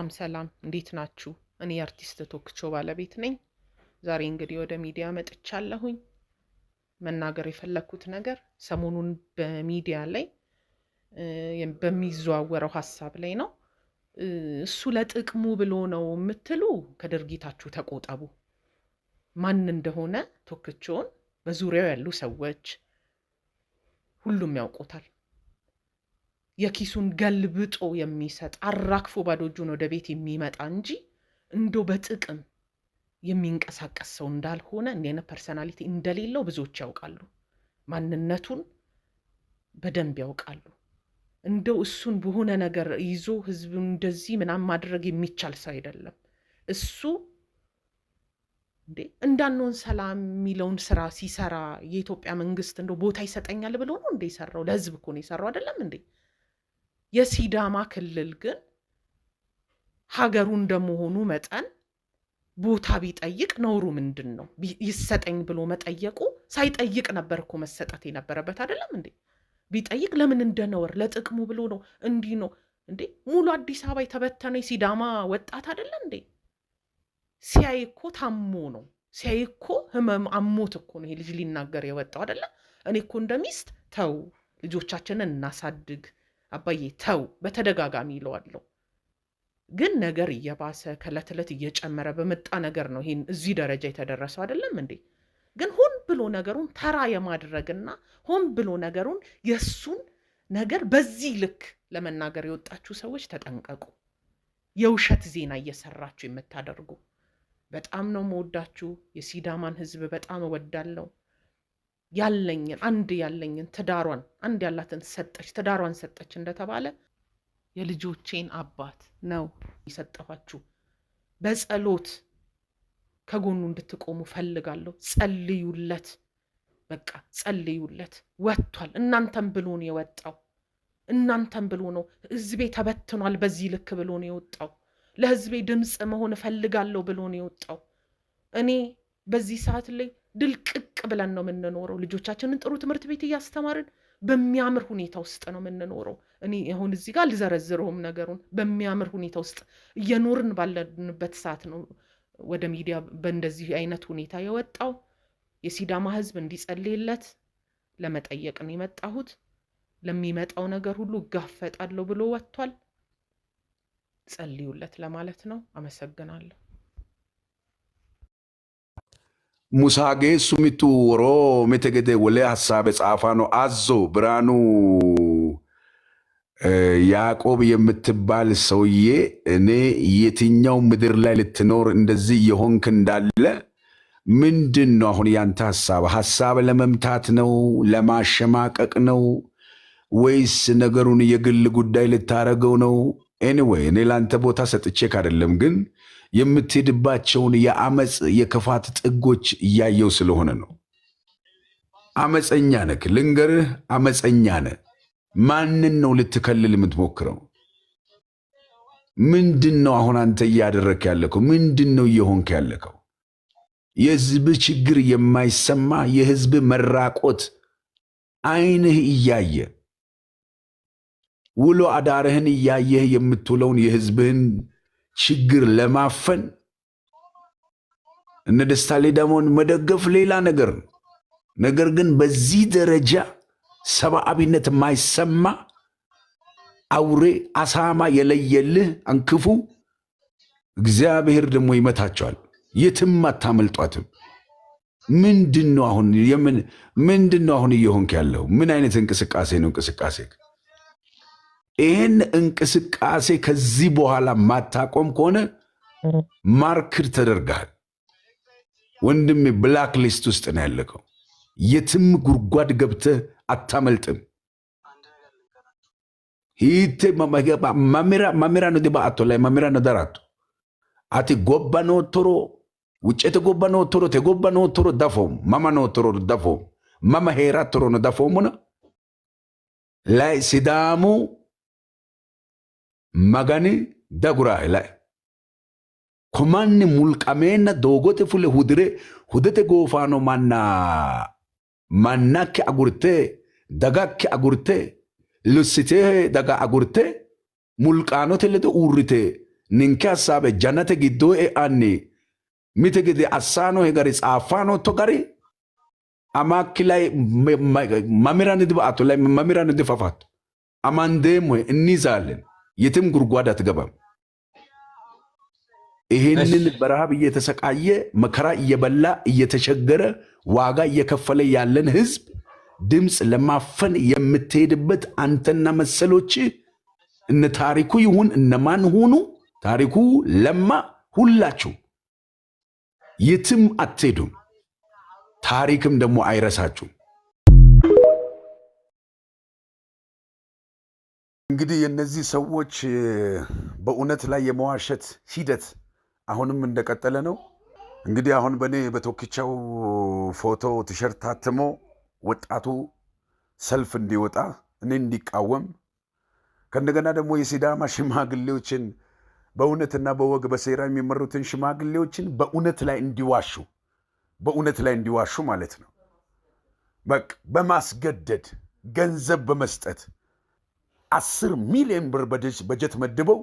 ሰላም ሰላም፣ እንዴት ናችሁ? እኔ የአርቲስት ቶክቾ ባለቤት ነኝ። ዛሬ እንግዲህ ወደ ሚዲያ መጥቻለሁኝ። መናገር የፈለግኩት ነገር ሰሞኑን በሚዲያ ላይ በሚዘዋወረው ሀሳብ ላይ ነው። እሱ ለጥቅሙ ብሎ ነው የምትሉ ከድርጊታችሁ ተቆጠቡ። ማን እንደሆነ ቶክቾን በዙሪያው ያሉ ሰዎች ሁሉም ያውቁታል። የኪሱን ገልብጦ የሚሰጥ አራክፎ ባዶ እጁን ወደ ቤት የሚመጣ እንጂ እንዶ በጥቅም የሚንቀሳቀስ ሰው እንዳልሆነ እንዲህ አይነት ፐርሰናሊቲ እንደሌለው ብዙዎች ያውቃሉ። ማንነቱን በደንብ ያውቃሉ። እንደው እሱን በሆነ ነገር ይዞ ህዝብን እንደዚህ ምናምን ማድረግ የሚቻል ሰው አይደለም። እሱ እንዴ እንዳንሆን ሰላም የሚለውን ስራ ሲሰራ የኢትዮጵያ መንግስት እንደው ቦታ ይሰጠኛል ብሎ ነው እንደ የሰራው። ለህዝብ እኮ ነው የሰራው አይደለም እንዴ? የሲዳማ ክልል ግን ሀገሩ እንደመሆኑ መጠን ቦታ ቢጠይቅ ነውሩ ምንድን ነው? ይሰጠኝ ብሎ መጠየቁ ሳይጠይቅ ነበር እኮ መሰጠት የነበረበት አይደለም እንዴ? ቢጠይቅ ለምን እንደነወር ለጥቅሙ ብሎ ነው እንዲህ ነው እንዴ? ሙሉ አዲስ አበባ የተበተነ የሲዳማ ወጣት አይደለም እንዴ? ሲያይ እኮ ታሞ ነው ሲያይ እኮ ህመም አሞት እኮ ነው ይሄ ልጅ ሊናገር የወጣው አይደለም። እኔ እኮ እንደ ሚስት ተው ልጆቻችንን እናሳድግ አባዬ ተው በተደጋጋሚ ይለዋለሁ። ግን ነገር እየባሰ ከዕለት ዕለት እየጨመረ በመጣ ነገር ነው ይህን እዚህ ደረጃ የተደረሰው አይደለም እንዴ? ግን ሆን ብሎ ነገሩን ተራ የማድረግና ሆን ብሎ ነገሩን የእሱን ነገር በዚህ ልክ ለመናገር የወጣችሁ ሰዎች ተጠንቀቁ። የውሸት ዜና እየሰራችሁ የምታደርጉ። በጣም ነው መወዳችሁ። የሲዳማን ህዝብ በጣም እወዳለሁ። ያለኝን አንድ ያለኝን ትዳሯን አንድ ያላትን ሰጠች ትዳሯን ሰጠች እንደተባለ የልጆቼን አባት ነው የሰጠኋችሁ። በጸሎት ከጎኑ እንድትቆሙ ፈልጋለሁ። ጸልዩለት፣ በቃ ጸልዩለት። ወጥቷል። እናንተም ብሎ ነው የወጣው። እናንተም ብሎ ነው ህዝቤ ተበትኗል፣ በዚህ ልክ ብሎ ነው የወጣው። ለህዝቤ ድምፅ መሆን እፈልጋለሁ ብሎ ነው የወጣው። እኔ በዚህ ሰዓት ላይ ድልቅቅ ብለን ነው የምንኖረው። ልጆቻችንን ጥሩ ትምህርት ቤት እያስተማርን በሚያምር ሁኔታ ውስጥ ነው የምንኖረው። እኔ አሁን እዚህ ጋር አልዘረዝረውም ነገሩን። በሚያምር ሁኔታ ውስጥ እየኖርን ባለንበት ሰዓት ነው ወደ ሚዲያ በእንደዚህ አይነት ሁኔታ የወጣው። የሲዳማ ህዝብ እንዲጸልይለት ለመጠየቅ ነው የመጣሁት። ለሚመጣው ነገር ሁሉ እጋፈጣለሁ ብሎ ወጥቷል። ጸልዩለት ለማለት ነው። አመሰግናለሁ። ሙሳጌሱ ሱሚቱ ወሮ ሜተገደ ወለ ሀሳብ ጻፋ ነው። አዞ ብርሃኑ ያዕቆብ የምትባል ሰውዬ እኔ የትኛው ምድር ላይ ልትኖር እንደዚህ የሆንክ እንዳለ ምንድን ነው አሁን ያንተ ሀሳብ? ሀሳብ ለመምታት ነው? ለማሸማቀቅ ነው? ወይስ ነገሩን የግል ጉዳይ ልታረገው ነው? ኤኒዌይ እኔ ለአንተ ቦታ ሰጥቼክ አይደለም ግን የምትሄድባቸውን የአመፅ የክፋት ጥጎች እያየው ስለሆነ ነው። አመፀኛ ነክ ልንገርህ፣ አመፀኛ ነ ማንን ነው ልትከልል የምትሞክረው? ምንድን ነው አሁን አንተ እያደረክ ያለከው? ምንድን ነው እየሆንክ ያለከው? የህዝብ ችግር የማይሰማ የህዝብ መራቆት አይንህ እያየ ውሎ አዳርህን እያየህ የምትውለውን የህዝብህን ችግር ለማፈን እነ ደስታ ሌዳሞን መደገፍ ሌላ ነገር ነው። ነገር ግን በዚህ ደረጃ ሰብአዊነት የማይሰማ አውሬ አሳማ የለየልህ አንክፉ እግዚአብሔር ደግሞ ይመታቸዋል። የትም አታመልጧትም። ምንድን ነው አሁን ምንድን ነው አሁን እየሆንክ ያለው? ምን አይነት እንቅስቃሴ ነው እንቅስቃሴ ይህን እንቅስቃሴ ከዚህ በኋላ ማታቆም ከሆነ ማርክር ተደርጋል ወንድሜ። ብላክ ሊስት ውስጥ ነው ያለቀው። የትም ጉድጓድ ገብተህ አታመልጥም። ሂቴ ማሜራ ነው ባአቶ ላይ ማሜራ ነው ዳራቶ አቲ ጎባ ነው ቶሮ ውጨት ጎባ ነው ቶሮ ተጎባ ነው ቶሮ ዳፎም ማማ ነው ቶሮ ዳፎም ማማ ሄራ ቶሮ ነው ዳፎም ሆነ ላይ ሲዳሙ magani daguraa ilae ko manni mulqameenna doogote fule hudire hudete goofaano manna mannakke agurte dagakke agurte lussitee daga agurte mulqaanote ledo uurrite ninke hassaabe jannate giddoo e'anni mite gede assaano he gari xaafaanotto gari amakkilay mamirani diba atto lay mamirani difafatto amandeemmo inni zaallen የትም ጉድጓድ አትገባም። ይሄንን በረሃብ እየተሰቃየ መከራ እየበላ እየተቸገረ ዋጋ እየከፈለ ያለን ህዝብ ድምፅ ለማፈን የምትሄድበት አንተና መሰሎች እነ ታሪኩ ይሁን እነማን ሆኑ ታሪኩ ለማ ሁላችሁ የትም አትሄዱም። ታሪክም ደግሞ አይረሳችሁም። እንግዲህ የእነዚህ ሰዎች በእውነት ላይ የመዋሸት ሂደት አሁንም እንደቀጠለ ነው። እንግዲህ አሁን በእኔ በቶኪቻው ፎቶ ቲሸርት ታትሞ ወጣቱ ሰልፍ እንዲወጣ እኔ እንዲቃወም ከእንደገና ደግሞ የሲዳማ ሽማግሌዎችን በእውነትና በወግ በሴራ የሚመሩትን ሽማግሌዎችን በእውነት ላይ እንዲዋሹ በእውነት ላይ እንዲዋሹ ማለት ነው። በማስገደድ ገንዘብ በመስጠት አስር ሚሊዮን ብር በጀት መድበው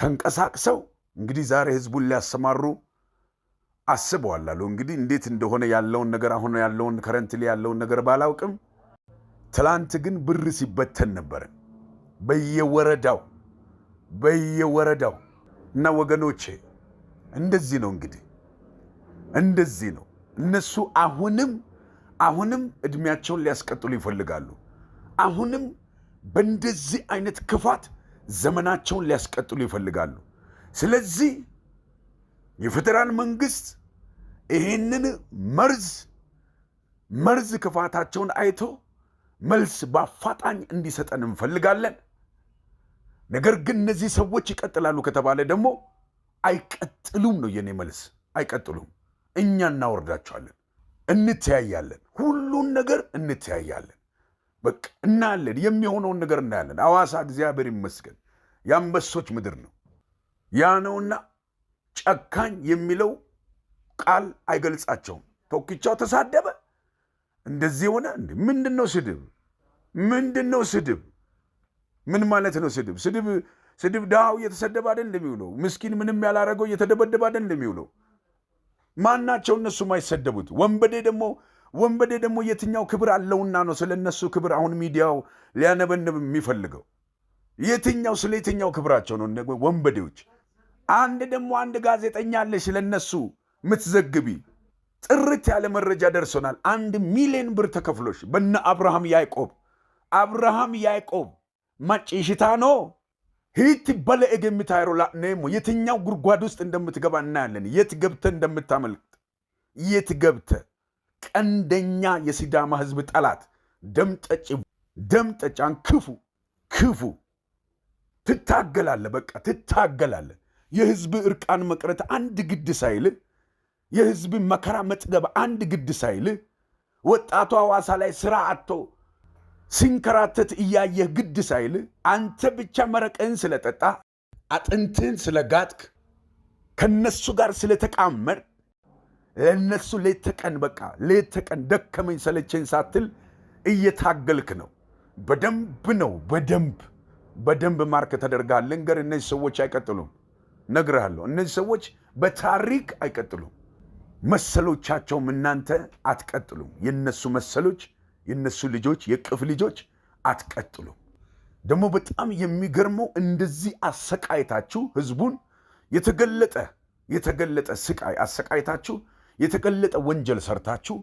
ተንቀሳቅሰው እንግዲህ ዛሬ ህዝቡን ሊያሰማሩ አስበዋል አሉ። እንግዲህ እንዴት እንደሆነ ያለውን ነገር አሁን ያለውን ከረንት ላይ ያለውን ነገር ባላውቅም፣ ትላንት ግን ብር ሲበተን ነበር በየወረዳው በየወረዳው እና ወገኖቼ፣ እንደዚህ ነው እንግዲህ እንደዚህ ነው። እነሱ አሁንም አሁንም እድሜያቸውን ሊያስቀጥሉ ይፈልጋሉ አሁንም በእንደዚህ አይነት ክፋት ዘመናቸውን ሊያስቀጥሉ ይፈልጋሉ። ስለዚህ የፌዴራል መንግስት ይህንን መርዝ መርዝ ክፋታቸውን አይቶ መልስ በአፋጣኝ እንዲሰጠን እንፈልጋለን። ነገር ግን እነዚህ ሰዎች ይቀጥላሉ ከተባለ ደግሞ አይቀጥሉም ነው የኔ መልስ። አይቀጥሉም። እኛ እናወርዳቸዋለን። እንተያያለን። ሁሉን ነገር እንተያያለን። በቃ እናያለን፣ የሚሆነውን ነገር እናያለን። አዋሳ እግዚአብሔር ይመስገን የአንበሶች ምድር ነው። ያ ነውና ጨካኝ የሚለው ቃል አይገልጻቸውም። ቶክቻው ተሳደበ፣ እንደዚህ የሆነ ምንድን ነው ስድብ? ምንድን ነው ስድብ? ምን ማለት ነው ስድብ? ስድብ ስድብ ድሃው እየተሰደበ አይደል እንደሚውለው? ምስኪን ምንም ያላረገው እየተደበደበ አይደል እንደሚውለው? ማናቸው እነሱ የማይሰደቡት? ወንበዴ ደግሞ ወንበዴ ደግሞ የትኛው ክብር አለውና ነው ስለ እነሱ ክብር አሁን ሚዲያው ሊያነበንብ የሚፈልገው? የትኛው ስለ የትኛው ክብራቸው ነው? ወንበዴዎች። አንድ ደግሞ አንድ ጋዜጠኛ አለ ስለ እነሱ ምትዘግቢ ጥርት ያለ መረጃ ደርሶናል። አንድ ሚሊዮን ብር ተከፍሎሽ በነ አብርሃም ያዕቆብ አብርሃም ያዕቆብ ማጭሽታ ነው ሂት በለ ገምታይሮ ላኔሞ የትኛው ጉድጓድ ውስጥ እንደምትገባ እናያለን። የት ገብተ እንደምታመልጥ የት ገብተ ቀንደኛ የሲዳማ ህዝብ ጠላት ደም ጠጫን ክፉ ክፉ ትታገላለ፣ በቃ ትታገላለ። የህዝብ እርቃን መቅረት አንድ ግድ ሳይል የህዝብ መከራ መጥገብ አንድ ግድ ሳይል ወጣቱ ሐዋሳ ላይ ስራ አጥቶ ሲንከራተት እያየህ ግድ ሳይል አንተ ብቻ መረቅህን ስለጠጣ አጥንትህን ስለጋጥክ ከነሱ ጋር ስለተቃመር እነሱ ሌት ተቀን በቃ ሌት ተቀን ደከመኝ ሰለቸኝ ሳትል እየታገልክ ነው። በደንብ ነው በደንብ በደንብ ማርክ ተደርጋል። ልንገር፣ እነዚህ ሰዎች አይቀጥሉም። ነግርሃለሁ፣ እነዚህ ሰዎች በታሪክ አይቀጥሉም። መሰሎቻቸውም እናንተ አትቀጥሉም። የነሱ መሰሎች፣ የነሱ ልጆች፣ የቅፍ ልጆች አትቀጥሉም። ደግሞ በጣም የሚገርመው እንደዚህ አሰቃይታችሁ ህዝቡን የተገለጠ የተገለጠ ስቃይ አሰቃይታችሁ የተቀለጠ ወንጀል ሰርታችሁ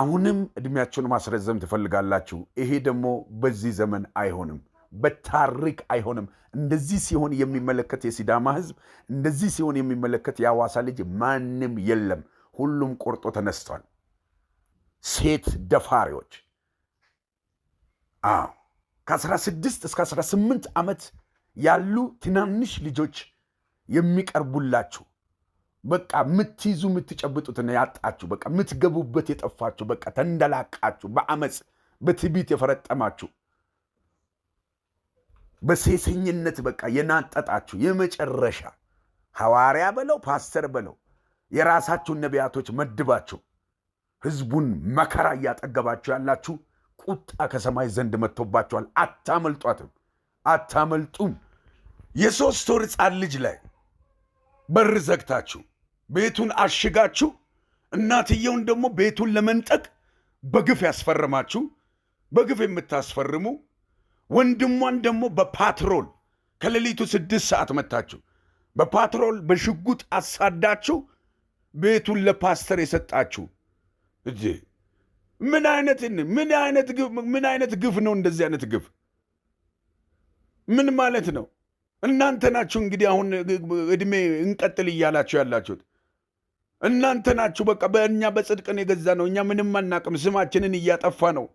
አሁንም እድሜያችሁን ማስረዘም ትፈልጋላችሁ። ይሄ ደግሞ በዚህ ዘመን አይሆንም፣ በታሪክ አይሆንም። እንደዚህ ሲሆን የሚመለከት የሲዳማ ህዝብ እንደዚህ ሲሆን የሚመለከት የአዋሳ ልጅ ማንም የለም። ሁሉም ቆርጦ ተነስቷል። ሴት ደፋሪዎች አዎ ከ16 እስከ 18 ዓመት ያሉ ትናንሽ ልጆች የሚቀርቡላችሁ በቃ የምትይዙ የምትጨብጡትን ያጣችሁ፣ በቃ የምትገቡበት የጠፋችሁ፣ በቃ ተንደላቃችሁ፣ በአመፅ በትቢት የፈረጠማችሁ፣ በሴሰኝነት በቃ የናጠጣችሁ የመጨረሻ ሐዋርያ በለው ፓስተር በለው የራሳችሁን ነቢያቶች መድባችሁ ህዝቡን መከራ እያጠገባችሁ ያላችሁ ቁጣ ከሰማይ ዘንድ መጥቶባችኋል። አታመልጧትም፣ አታመልጡም። የሶስት ወር ሕፃን ልጅ ላይ በር ዘግታችሁ ቤቱን አሽጋችሁ እናትየውን ደግሞ ቤቱን ለመንጠቅ በግፍ ያስፈርማችሁ በግፍ የምታስፈርሙ ወንድሟን ደግሞ በፓትሮል ከሌሊቱ ስድስት ሰዓት መታችሁ በፓትሮል በሽጉጥ አሳዳችሁ ቤቱን ለፓስተር የሰጣችሁ እጅ ምን አይነት ምን አይነት ምን አይነት ግፍ ነው? እንደዚህ አይነት ግፍ ምን ማለት ነው? እናንተ ናችሁ እንግዲህ አሁን እድሜ እንቀጥል እያላችሁ ያላችሁት። እናንተ ናችሁ። በቃ በእኛ በጽድቅን የገዛ ነው። እኛ ምንም አናቅም። ስማችንን እያጠፋ ነው።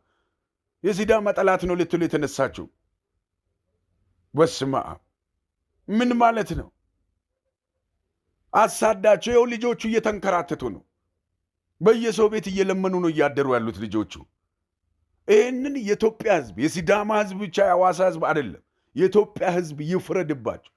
የሲዳማ ጠላት ነው ልትሉ የተነሳችሁ በስመ ምን ማለት ነው? አሳዳቸው። የው ልጆቹ እየተንከራተቱ ነው። በየሰው ቤት እየለመኑ ነው እያደሩ ያሉት ልጆቹ። ይህንን የኢትዮጵያ ሕዝብ የሲዳማ ሕዝብ ብቻ የአዋሳ ሕዝብ አይደለም የኢትዮጵያ ሕዝብ ይፍረድባቸው።